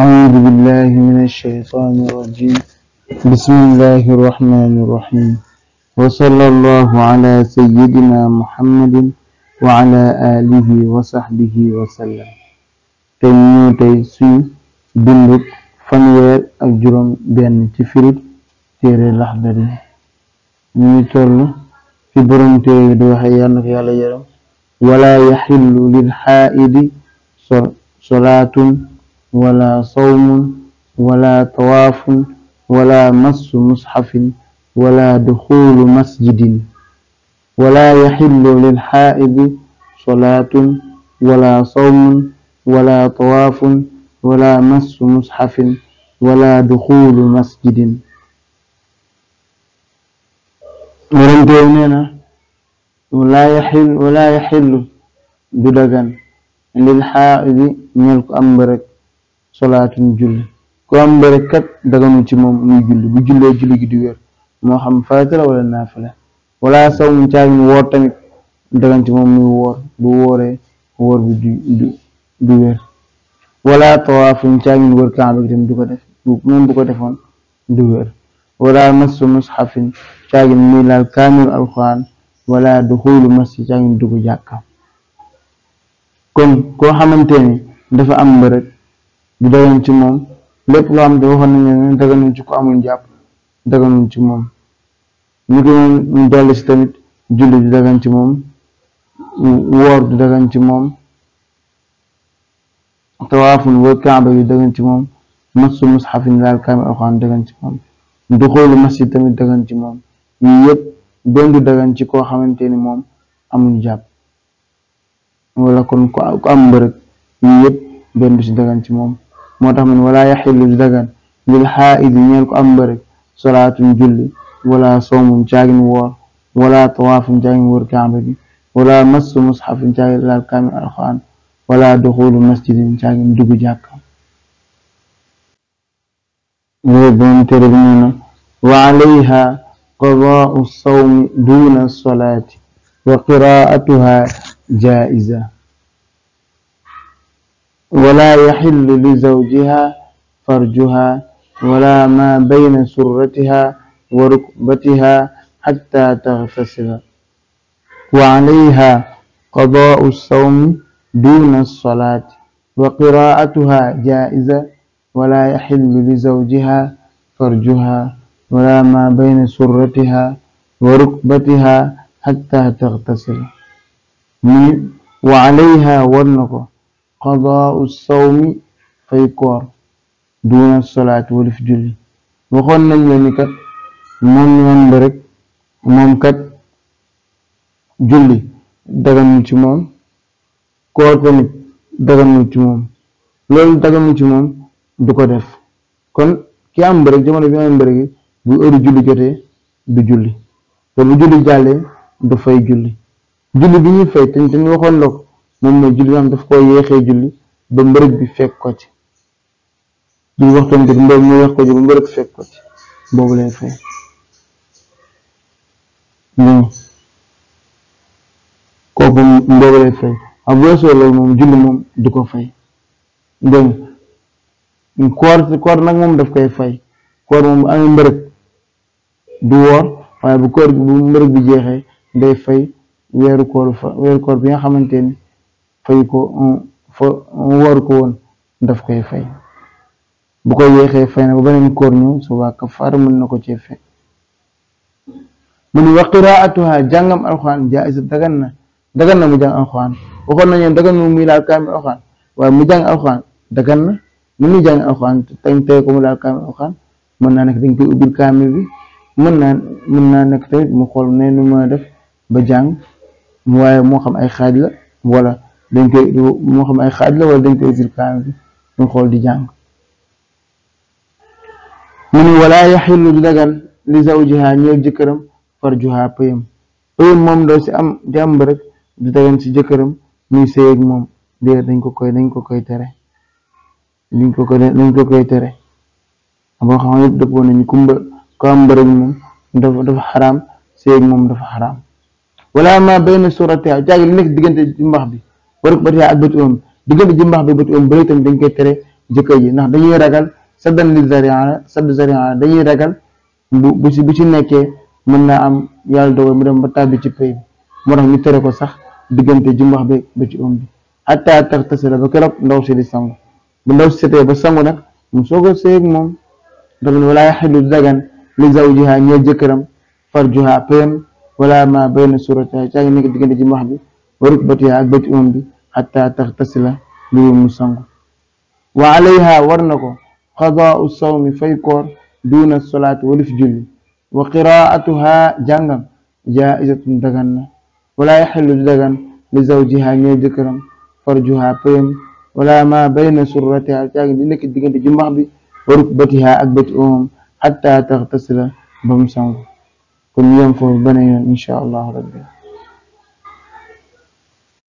أعوذ بالله من الشيطان الرجيم بسم الله الرحمن الرحيم وصلى الله على سيدنا محمد وعلى آله وصحبه وسلم tey ñëw tey suy bindub fanweer ak juróom benn ci firib téere Laxdari ñu ngi toll fi borom téere bi di waxe yàlla na ko yàlla yaram wala yaxillu lil xaa'idi solaatun wala sawmun wala tawaafun wala massu mushafin wala duxulu masjidin wala yaxillu lilxaaidi solaatun wala sawmun wala tawaafun wala massu mushafin wala duxulu masjidin warantee nee na walaa yaxil walaa yaxillu du dagan lil xaaidi ñel ko am mbërëg solaatun julli ku am mbere kat daganu ci moom muy julli bu jullee julli gi di wér moo xam farata la wala naafila wala saw mu caag mu woor tamit dagan ci moom muy woor bu wooree woor bi du wér wala tawaaf mu caag mu wër kaaba du ko def même dugg jàkka kon koo xamante ni dafa am mbërëg du dagan ci moom lépp loo xam ne waxoon nañu ci ko amul jàpp daganuñ ci moom ñu ko ñu dolli si tamit julli du dagan ci moom woor du dagan ci moom tawaaful wër kaaba bi dagan ci moom masu mushafin laal kaamil ci moom duxoolu masjid tamit dagan ci moom yii yëpp benn du dagan ci koo xamante ni moom amul jàpp wala kon ku am mbërëg yii yëpp benn du si dagan ci moom moo tax man wala yaxillu du dagan lil xaaidi ñeel ko am bëri salaatun julli wala soomum caagin woor wala tawaafum caagin wër kaaba bi wala massu musxafum caagin laal kaamil alxuraan wala duxulu masjidin caagin dugg jàkka beneen téere bi nee na wa alayha qadaau sawmi duuna salaati wa qiraatuha jaa'iza ولا يحل لزوجها فرجها ولا ما بين سرتها وركبتها حتى تغتسل وعليها قضاء الصوم دون الصلاة وقراءتها جائزة ولا يحل لزوجها فرجها ولا ما بين سرتها وركبتها حتى تغتسل وعليها war na ko qadaa'u sawmi fay koor duuna solaat walif julli waxoon nañ la ni kat moom yoon ba rek moom kat julli daganul ci moom koor tamit daganul ci moom loolu daganul ci moom du ko def kon ki am mbërëg jamono bi am mbërëg bu heure julli jotee du julli te bu julli jàllee du fay julli julli bi ñuy fay te ñu waxoon la moom mooy julli am ba mbërëg bi fekk ko ci julli waxtoom jot mbërëg mu yéex ko ci ba mbërëg fekk ko moom julli moom du ko fay dégg koor koor nag moom daf koy fay koor moom bu amee mbërëg du woor waaye bu koor bu mbërëg bi jeexee day fay weeru koor weeru koor bi nga xamante fay ko fa war ko woon daf koy fay bu koy yéexee fay na ba beneen koor ñëw su waa kafaara mën na ko cee fay mu ni wa qiraatuha jàngam alxuraan jaaisa dagan na dagan na mu jàng alxuraan waxoon na muy laal kaamil alxuraan waaye mu jàng alxuraan dagan na mu ni jàng alxuraan tey ko mu laal kaamil alxuraan mën naa nekk dañ koy ubbil kaamil bi mën naa mën naa nekk tamit mu xool ne nu mën a def ba jàng waaye moo xam ay xaaj la wala dañ koy moo xam ay xaaj la wala dañ koy sil kaamil bi ñu xool di jàng mu ni walaa yaxillu du dagan li zawjiha ñeel jëkkëram farjuha payam payam moom doo si am di am rek jëkkëram muy sëy moom dañ ko koy dañ ko koy tere dañ ko koy dañ ko koy tere boo xam ne yëpp nañu kumba ko am mbërëg moom dafa dafa xaraam sëy moom dafa xaraam wala ma bayna surati jaag nekk diggante mbax bi warubatiha ak bëti oom um, diggante jëmbaax bi bëti oom um, bëri tamit dañ tere jëkkër ji nax dañuy ragal saddan li zariana sadd zariana dañuy ragal bu bu si bu si nekkee mën naa am yàlla dogal mu dem ba tàbbi ci pay bi moo tax ñu tere ko sax diggante jumbax bi bëti oom um bi hatta taxtasila ba keroog ndaw si di sangu bu ndaw si ba sangu nag mu soog a seeg moom dafa ne wala yaxilu dagan li zawjiha ñeel jëkkëram farjuha payam wala ma bayna surata caa ngi nekk diggante jumbax bi wa rukbatiha ak bëti umam bi xataa taxtasila lu mu sangu wa alayha war na ko qadaau sawmi fay koor duuna solaat walif julli wa qiraatuha jàngam jaa'izatun dagan na wala yaxillu dagan li zawjiha ñooy jëkkëram farjuha payam wala ma bayna surratiha caagin di nekk diggante jumbax bi wa rukbatiha ak bëti umam xataa taxtasila ba mu sangu kon yem foofu bane yoon insha allah rabbi